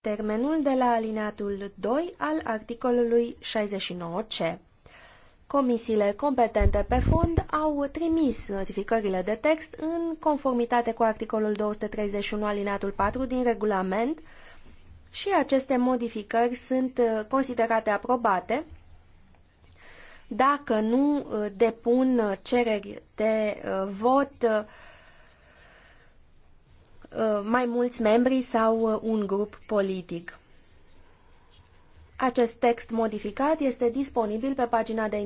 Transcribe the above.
termenul de la alineatul 2 al articolului 69C. Comisiile competente pe fond au trimis notificările de text în conformitate cu articolul 231 alineatul 4 din regulament și aceste modificări sunt considerate aprobate dacă nu uh, depun cereri de uh, vot uh, Uh, mai mulți membri sau uh, un grup politic. Acest text modificat este disponibil pe pagina de